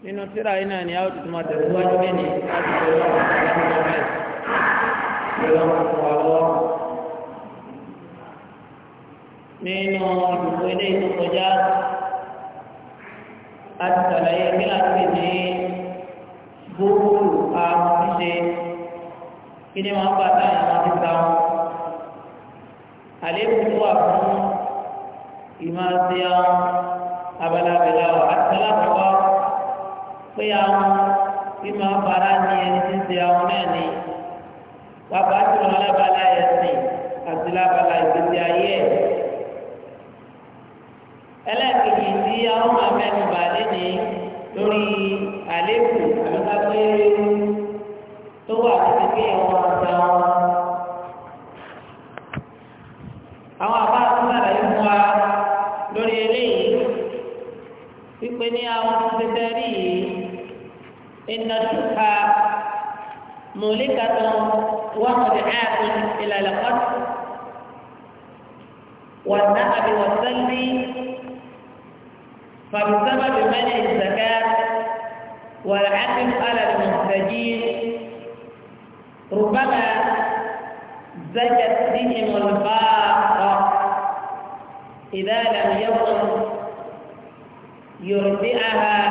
nínú tíra iná ni a ó ti máa tẹ̀síwájú lẹ́ni láti bẹ̀rẹ̀ nínú ìdìbò ilé ìtòkọjá àti sàlàyé kí láti ní gbogbo àwọn ṣíṣe kí ni wọ́n bá táyà wọn ti ta wọn àléébù tó wà fún ìmáṣíà abalabẹ̀lá àti alábọ̀wá pé àwọn bí máa fara ní ẹni tí ń ṣe àwọn náà ni wàá bá tí wọn lábala ẹsìn àti lábala ìgbésí ayé ẹ. ẹlẹ́ẹ̀kejì tí àwọn máa mẹ́nu bà lẹ́ni lórí àléébù àbíkápé tó wà níbi pé ẹ̀wọ̀n ọ̀sẹ̀ wọn. àwọn àbá tó sàlàyé fún wa lórí eléyìí wípé ní àwọn tó ti tẹ́rí yìí. إن الشبهة مهلكة ومدعاة إلى لقد والنهب والسلب فبسبب منع الزكاة والعدم على المحتجين ربما زجت بهم الباقة إذا لم يكن يرضئها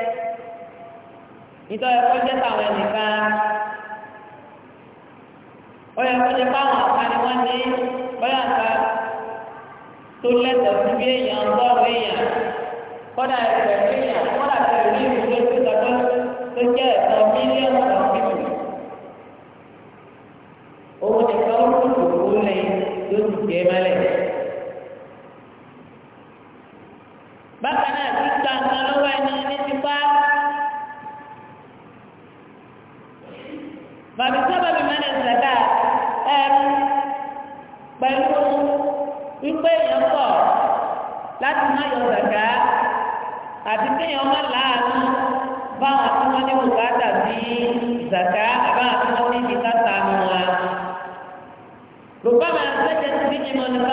nítorí ẹ̀kọ́ jẹ́ táwọn ẹnìkan ọyọ ẹ̀kọ́ jẹ́ fáwọn àkànni wọ́n ní ọyọ àká tó lẹ́tọ̀ọ́ sí bí èèyàn tọ́rọ èèyàn kọ́dà ẹ̀kọ́ èèyàn kọ́dà tẹ̀lé ní ìwúlò tó tọ́jú tó jẹ́ ẹ̀tọ́ mílíọ̀nù ọ̀sìnkù òun nìkan ó kú òkú lẹ̀ yóò ti jẹ́ mẹ́lẹ̀. bákan àti kéèyàn má láàánú báwọn tí wọ́n ní bùkátà sí ìzàká àbáwọn tí wọ́n ní ìdíkátà nù wa. lùbámà sẹ́jẹ̀ sí bíjì mọ́ nípa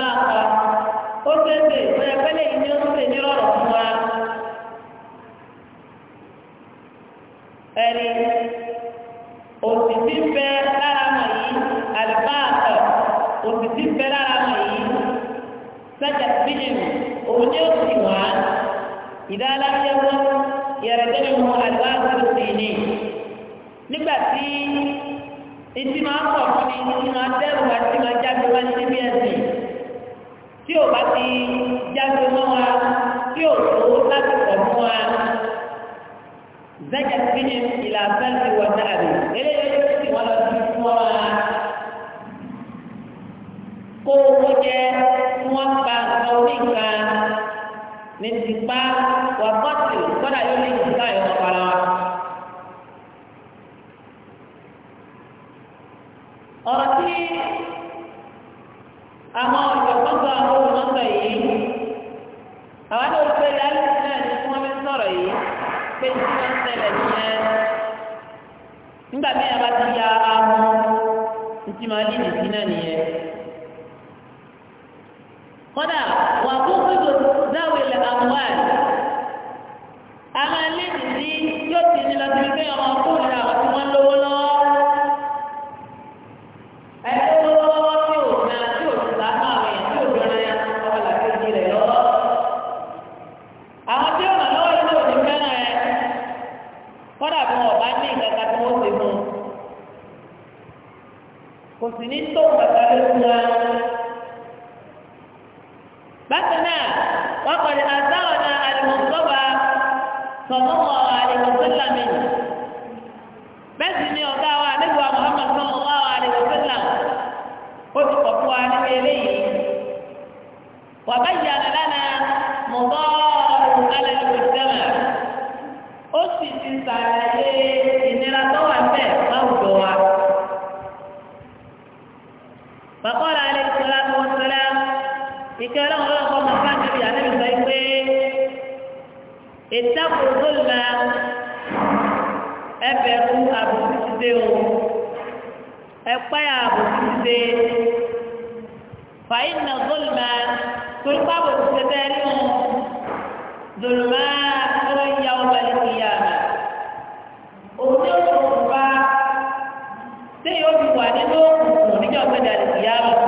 ipá wà pọ́tù kọ́dà yóò lè jù káyọ̀ ọ̀pára wa. ọ̀rọ̀ tí àwọn ọ̀jọ̀gbọ́n sọ àwọn olùmọ̀sọ yìí àwọn àti olùgbé lálẹ́ náà ni wọ́n fi sọ̀rọ̀ yìí pé tí wọ́n ń ṣẹlẹ̀ nìyẹn nígbà tí yàrá ti ya ahọ́n ní ti máa dín ìdí náà nìyẹn. kọ́dà dáwọ̀ ilẹ̀ àwọn àìsàn. a máa lé nìyí yóò ti ní lọ sí pé ọmọ kúrò ní àwọn ti ṣàlàyé ìnira tó wà bẹ́ẹ̀ láwùjọ wa. Bàkọ́lá alẹ́ ìṣẹ́lá tó wọ́n ṣẹlẹ̀ ìkẹ́ ọlọ́run lọ́kọ́ máa bá níbi àdébì sọ pé ìtàkùn tó la ẹbẹ̀ fún àbùkù ti dé o. Ẹ̀pẹ́ àbùkù ti dé. Fàyín náà tó la ìjọ gbẹdẹ ìyá rẹ.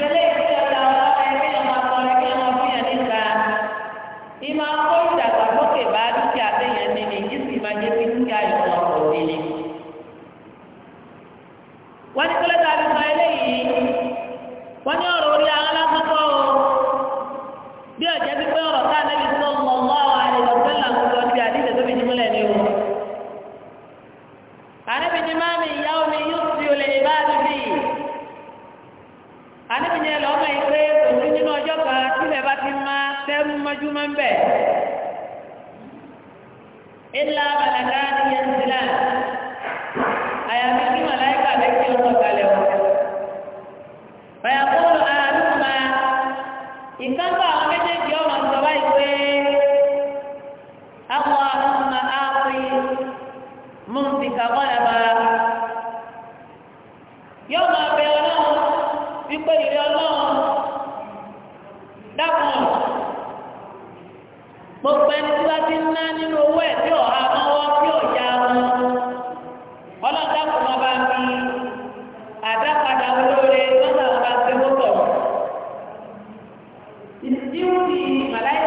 Yeah. olóore lọ́dọ̀ ọba tí wọ́n tọ̀. Ìdíwọ́ ni màláì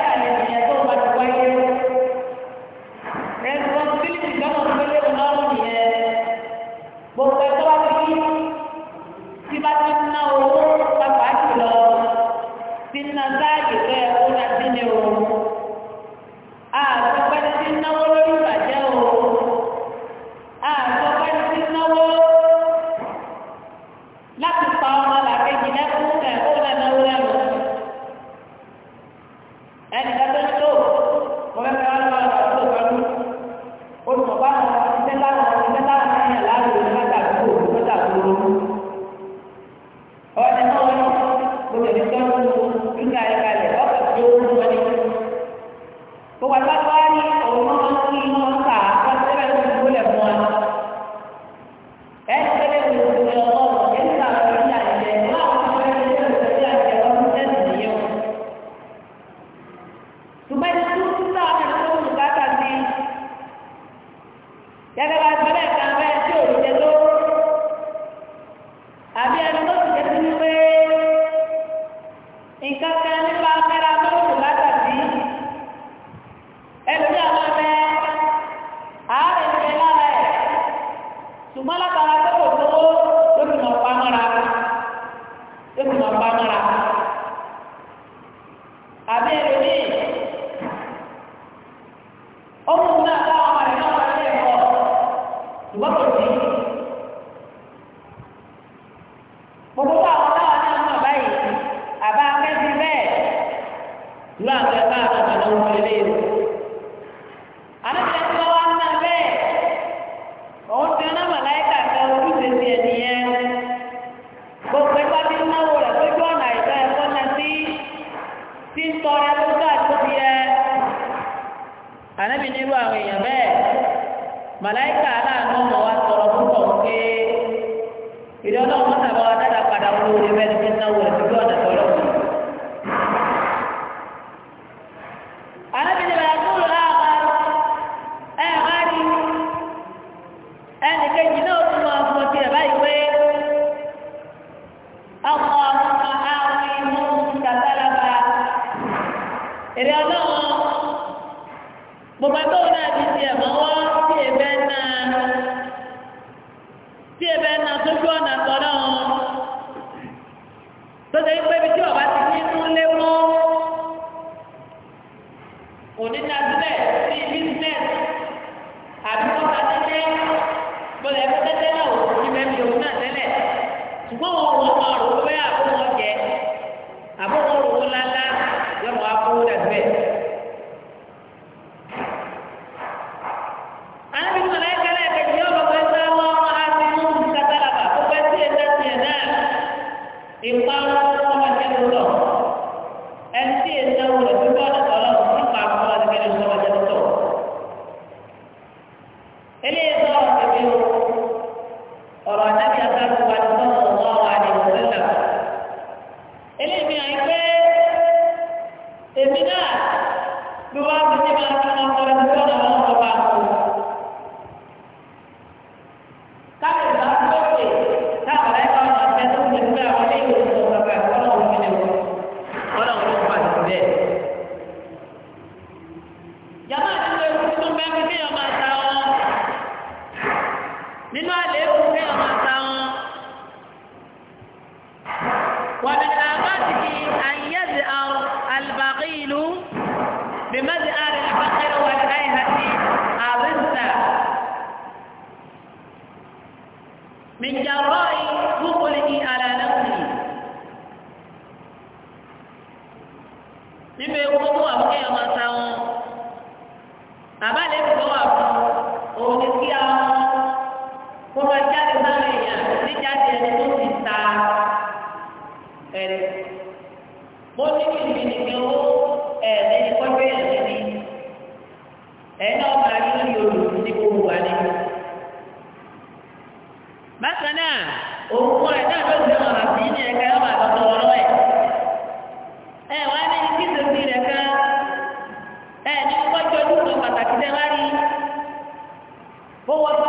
哎，你跟你。what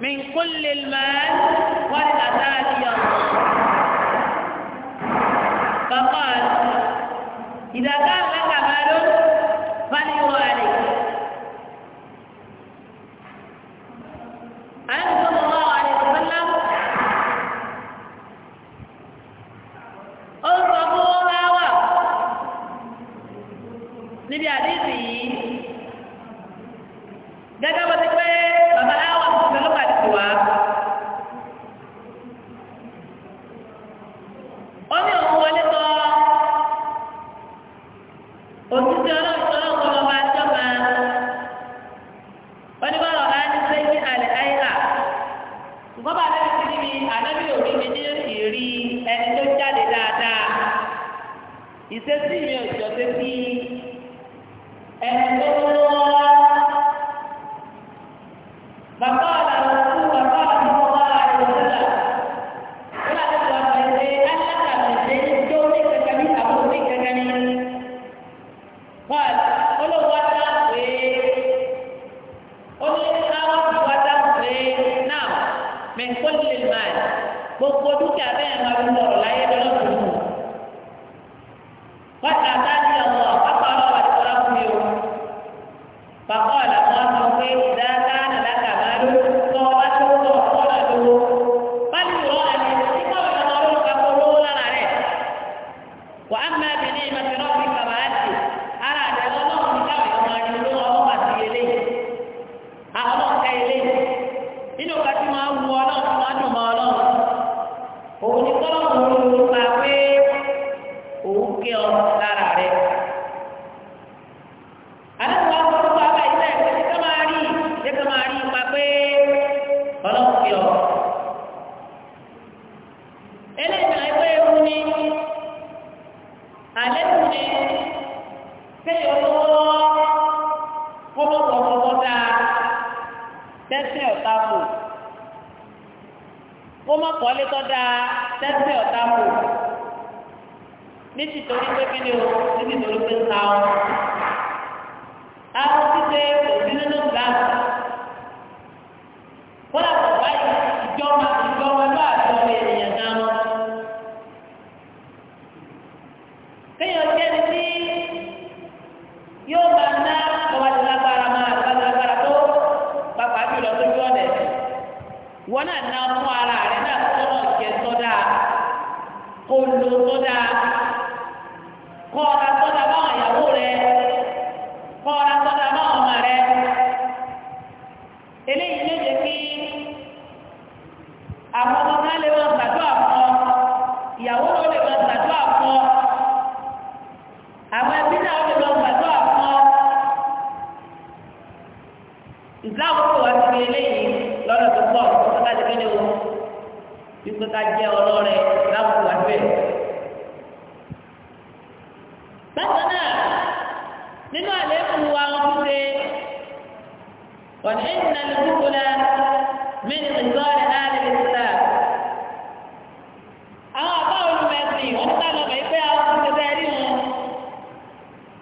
من كل المال ولأتاني الله فقال إذا كان لك مال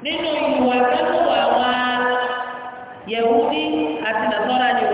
nínú ìwà sẹ́nu àwọn yẹ̀wúdí àti nàtọ́ra ni o.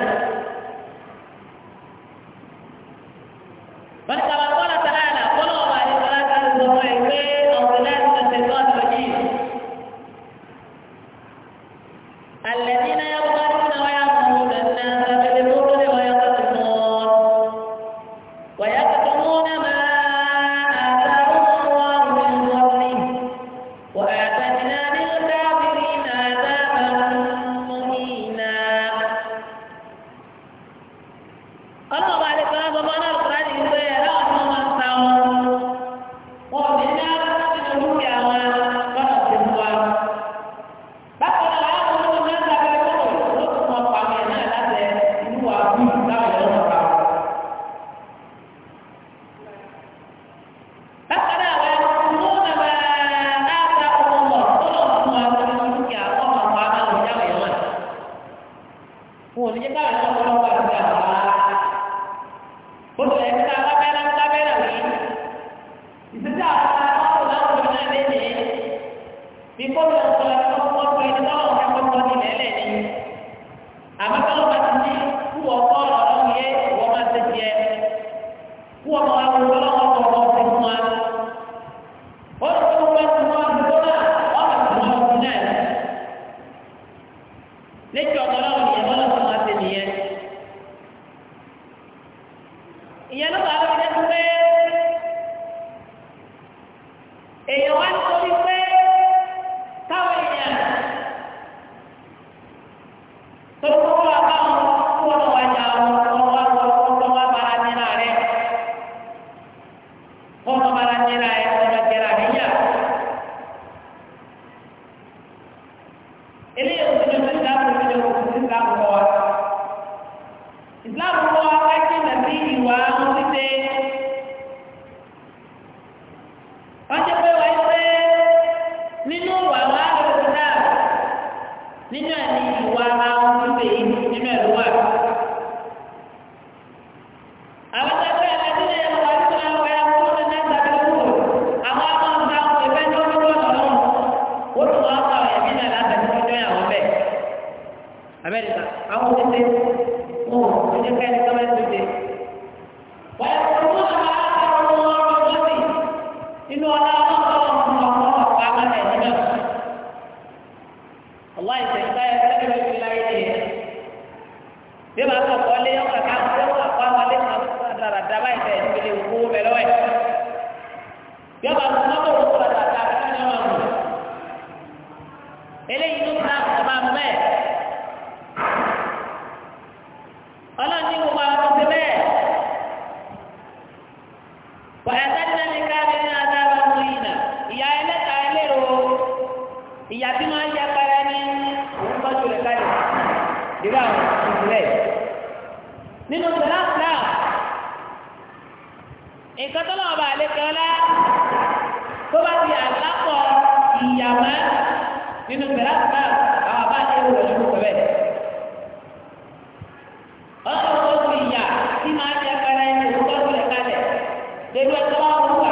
tó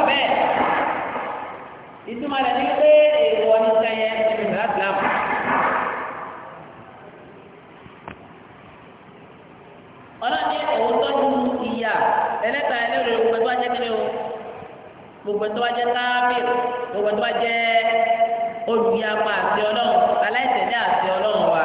bá ìtumọ̀ rẹ̀ ní pé sẹ́yẹ ẹ̀mí tọ́jú ìyá ẹlẹ́ta gbogbo o gbogbo gbogbo olùyàpá àti ọlọ́run àti ọlọ́run wa.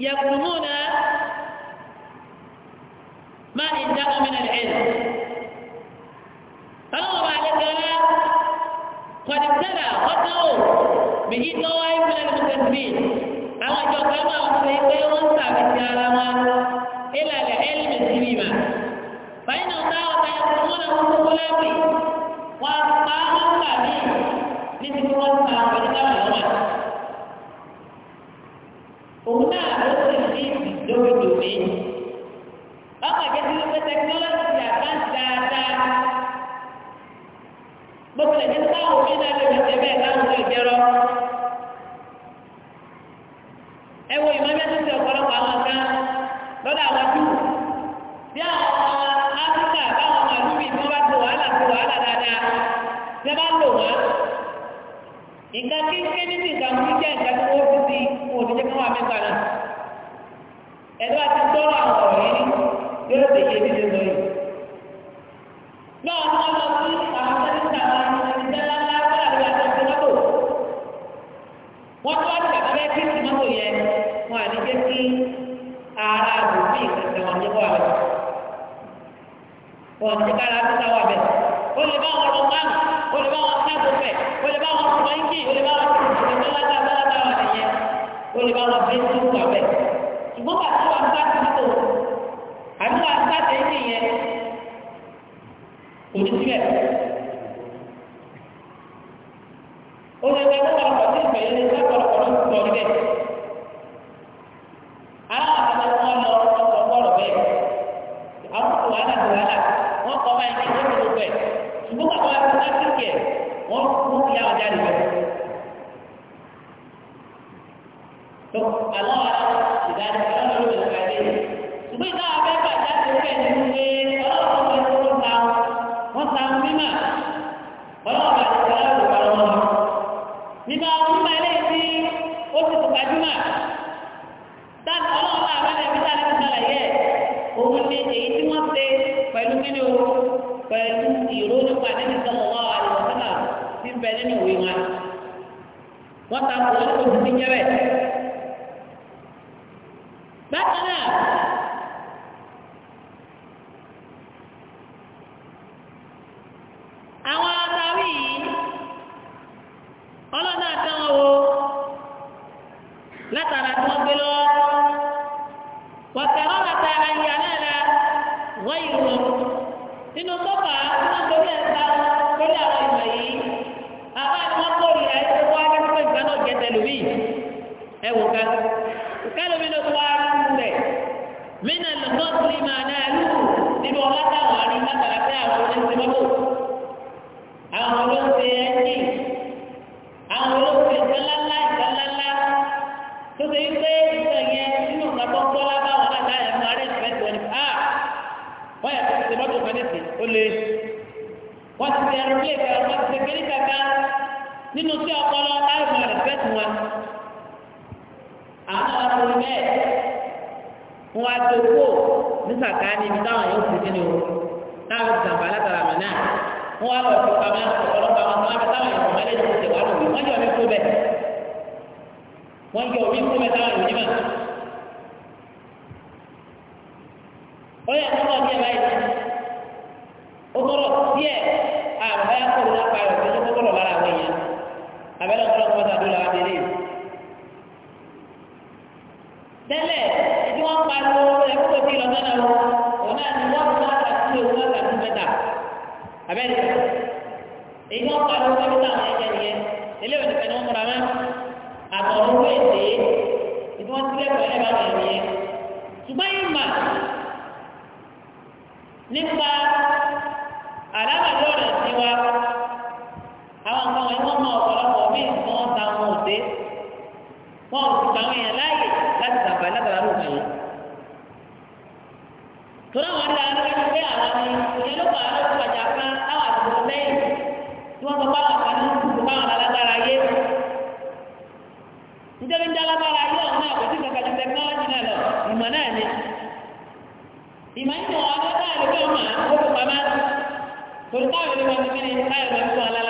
يقومون ما عندهم من العلم فلو بعد ذلك قد ابتلى قدره به طوائف من المكذبين أما كما سيقي وانسى بالسلامة إلى العلم السليمة فإنهم دعوة يقومون بالسلام وأصحابهم me wà lọ. Wọ́n ti kára títa wà bẹ̀. O lè bá wọn rọ̀mán, o lè bá wọn sábòfẹ̀, o lè bá wọn sọ̀rọ̀ǹkì, o lè bá wọn sọ̀rọ̀ǹkì lọ́lájà lọ́lájà wà nìyẹn. O lè bá wọn bẹ́ẹ̀ tó wà bẹ̀. Ṣùgbọ́n bàtí wà ń bá ti tó, àbí wà ń bá tẹ̀ ń nìyẹn. Kò ní síbẹ̀. O lè bá wọn kọ̀ọ̀kọ̀ wàhálà nígbà wọn bá lè ti tó gbajúmọ̀ pẹ̀lú kí ni o pẹ̀lú ìró nípa nínú sallallahu alaihi wasallam ti ń bẹ nínú ìwé wọn wọ́n ta kò wọ́n ti ti jẹ́ bẹ́ẹ̀. bákan náà wọ́n jẹ́ omi kú mẹ́ta lórí mà. ó yẹ kó lọ díẹ̀ báyìí ó tọrọ díẹ̀ àbá yà kọlu lápá rẹ̀ tó tó tọrọ lára àwọn èèyàn abẹ́rẹ́ ọ̀pọ̀lọpọ̀ tó tàdó làwọn abẹ́rẹ́ yìí. tẹ́lẹ̀ tí wọ́n pariwo ẹ̀kọ́ tó ti lọ sọ́nà wọn òun náà ni wọ́n mú wọn àti ìwé wọn àti mẹ́ta abẹ́rẹ́ èyí wọn padà wọn kẹbi táwọn ẹjẹ nìyẹn eléyìí nìkan ni wọn múra mẹ àtọrọ owó èdè ìdí wọn ti lẹkọọ ẹlẹba wọn nìyẹn ṣùgbọ́n yìí mà nípa àdábàjọ rẹ sí wa àwọn nǹkan wọn wọn mọ ọ̀pọ̀lọpọ̀ míì tí wọn ta wọn ò dé wọn ò sì gbàwọn èèyàn láàyè láti sàǹfà látara ló mọ yìí tó náà wọn dá lórí pé àwọn ni ìyẹn ló pa àlọ́ tó wàjà fún àwọn àdúgbò lẹ́yìn tí wọ́n sọ bá làbá ní ìlú káwọn alágbára yé nítorí ní alágbára yé ọ̀hún náà kò sí kankan ju tẹkinọ́lọ́jì náà lọ ìmọ̀ náà ni ìmọ̀ ní ìwọ̀n ọdún táyà lè fẹ́ ọmọ àwọn olùpamọ́ torí táyà lè wọ́n ti fi ní táyà lè fún ọlá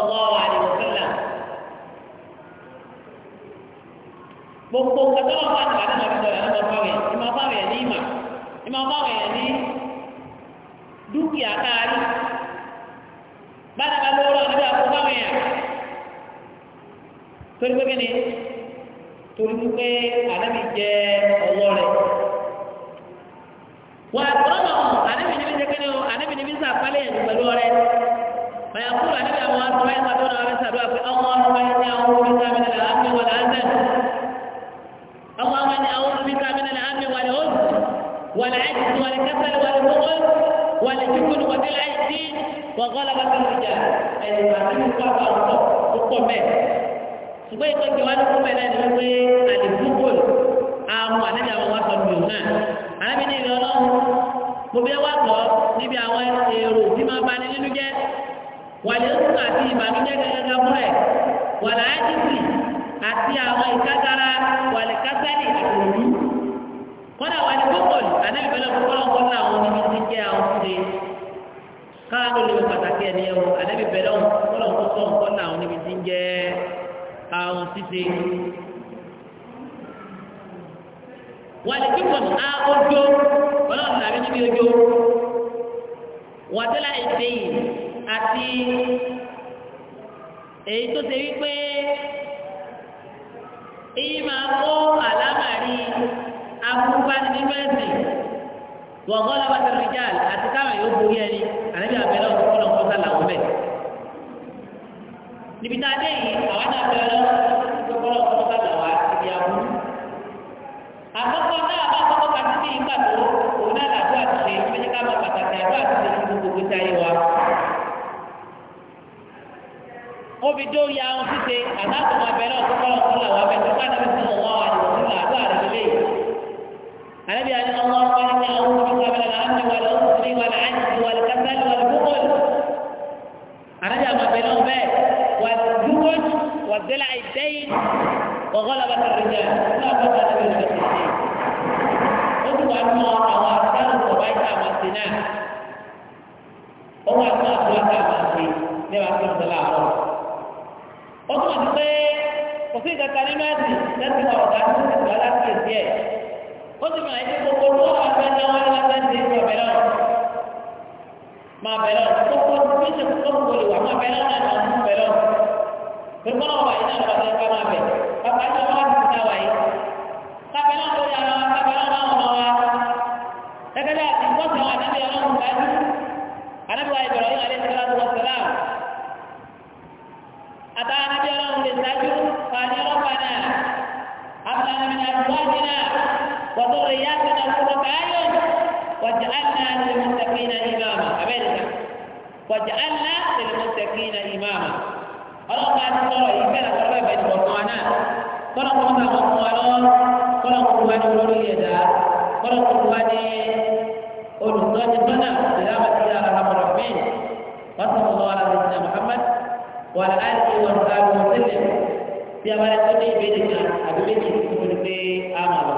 sallallahu alaihi wasallam gbogbo kẹtọ́ wọn bá nígbà nínú ọdún ọ̀yà lọ́wọ́ báwọn yẹn ìmọ̀ báwọn yẹn ní ìmọ̀ ìmọ̀ báwọn yẹn ní dúkìá káàrí bá nígbà lówó lọ́wọ́ nígbà kó báwọn yẹn torí pé kíni torí pé ànábì jẹ ọlọ́rẹ̀ wà á kúrọ́ náà ànábì níbi jẹ́ kíni o ànábì níbi sàpálẹ̀ yẹn pẹ̀lú ọrẹ́ فيقول النبي أبو هريرة ويسألون ويسألون في اللهم إني أعوذ بك من الهم والحزن اللهم إني أعوذ بك من الهم والحزن والعجز والكسل والبخل والجبن وبالعجز وغلبة الرجال أي ما تنفع فأنصر تقوم به ṣùgbọ́n ìkọ́ ti wá ní kúmẹ̀ náà ni wípé àdìbùkùn àwọn àdéjà wọn wá sọ nìyó náà arábìnrin ìlú ọlọ́run mo bí wá kọ́ níbi àwọn èrò tí máa bá ní nínú jẹ́ wàlẹ́rù àti ìbànújẹ́ gẹ́gẹ́ fún ẹ̀ wàlẹ́ àdìsí àti àwọn ìkádàrà wàlẹ́ kásẹ́lì ìròyìn kọ́dà wàlẹ́ kókòlù ànábìbẹ́lẹ̀ kókòlù ọ̀kọ́lù àwọn oníbi ti jẹ́ àwọn fúre káàdó lè pàtàkì ẹni ẹ̀wọ̀ ànábìbẹ́lẹ̀ kókòlù ọ̀kọ́lù ọ̀kọ́lù àwọn oníbi ti jẹ́ àwọn títí wàlẹ́ kíkọ̀nù á ojú ọlọ́run tàbí níbi ojú wàtẹ́lá ìdẹ́yìn àti èyí tó ṣe wípé èyí máa kó àlámàrí abúgbánilẹ́sìn wọ̀ngọ́lá bàtà rìjàl àti káwọn yóò borí ẹni ànábì àbẹ̀rẹ̀ ọ̀tún kọ́nà ọ̀tún sálà wọ́n bẹ̀. níbi tá a dé yìí àwọn náà bẹ̀rẹ̀ ọ̀tún kọ́nà ọ̀tún sálà wà síbi abú. àkọ́kọ́ náà bá kọ́kọ́ kàtí sí ìgbà tó òun náà làdúrà ti ṣe ìfẹ́jẹ́ ká máa pàtàkì àdúrà ti ṣe fún gbogbo ìtayé wa. wọ́n fi dórí àwọn ṣíṣe àtàkùn abẹ́rẹ́ ọ̀tọ́kọ́lọ́ fún làwọn abẹ́ tó káàdé fún ọ̀wọ́ àdìwọ̀n fún làdó àdìwọ̀lẹ́ yìí. àlẹ́bí àti ọmọ ọmọ ẹni àwọn ọmọ ọmọ ẹni àwọn ọmọ ẹni àwọn ọmọ ẹni wà láàyè wà lẹ́kàtàlì wà lẹ́kọ́kọ́lù. àlẹ́bí àwọn abẹ́rẹ́ ọ̀bẹ́ wà dúkọ́n wà dẹ́là ìdẹ́yìn ọ̀gọ́lá bàtà rẹ̀ jẹ́ ọ̀gọ́lá bàtà rẹ̀ jẹ́ ó túmọ̀ sí pé kò sí ìkàkà nínú ẹ̀sìn lẹ́sìn náà ọ̀gá tó ti gbà láti èsì ẹ̀ ó sì máa ẹni gbogbo tó wà fẹ́ẹ́ wọn ní láti ẹ̀sìn ìgbà bẹ̀rẹ̀ ọ̀ máa bẹ̀rẹ̀ ọ̀ kókó tó ṣe kókó kò lè wà máa bẹ̀rẹ̀ ọ̀ náà máa mú bẹ̀rẹ̀ ọ̀ pé kọ́nà wà yìí náà lọ́sẹ̀ ká máa bẹ̀ bàbá náà wà ní ìta wà yìí kábẹ́lá ń lórí ara wa kábẹ́lá ń láwọn ọmọ wa gẹ́gẹ́ àtàwọn ẹbí ọlọ́run lè ṣáájú fani ọlọ́pàá أبلغ من أزواجنا وذرياتنا قرة أعين واجعلنا للمتقين إماما أبدا واجعلنا للمتقين إماما ọlọ́run bá ti sọ̀rọ̀ yìí bẹ́ẹ̀ lọ́wọ́ ẹ̀bẹ̀ ní ọ̀kan náà kọ́nà kó máa wọ́n fún wa lọ́wọ́ kọ́nà kó wá ní olórí ẹ̀dá kọ́nà kó wá wà á ti wọ́n ta wọ́n sílẹ̀ bí a bá rẹ̀ ní ìbéèrè kan àbí méjì tó ń gbé àmàlà.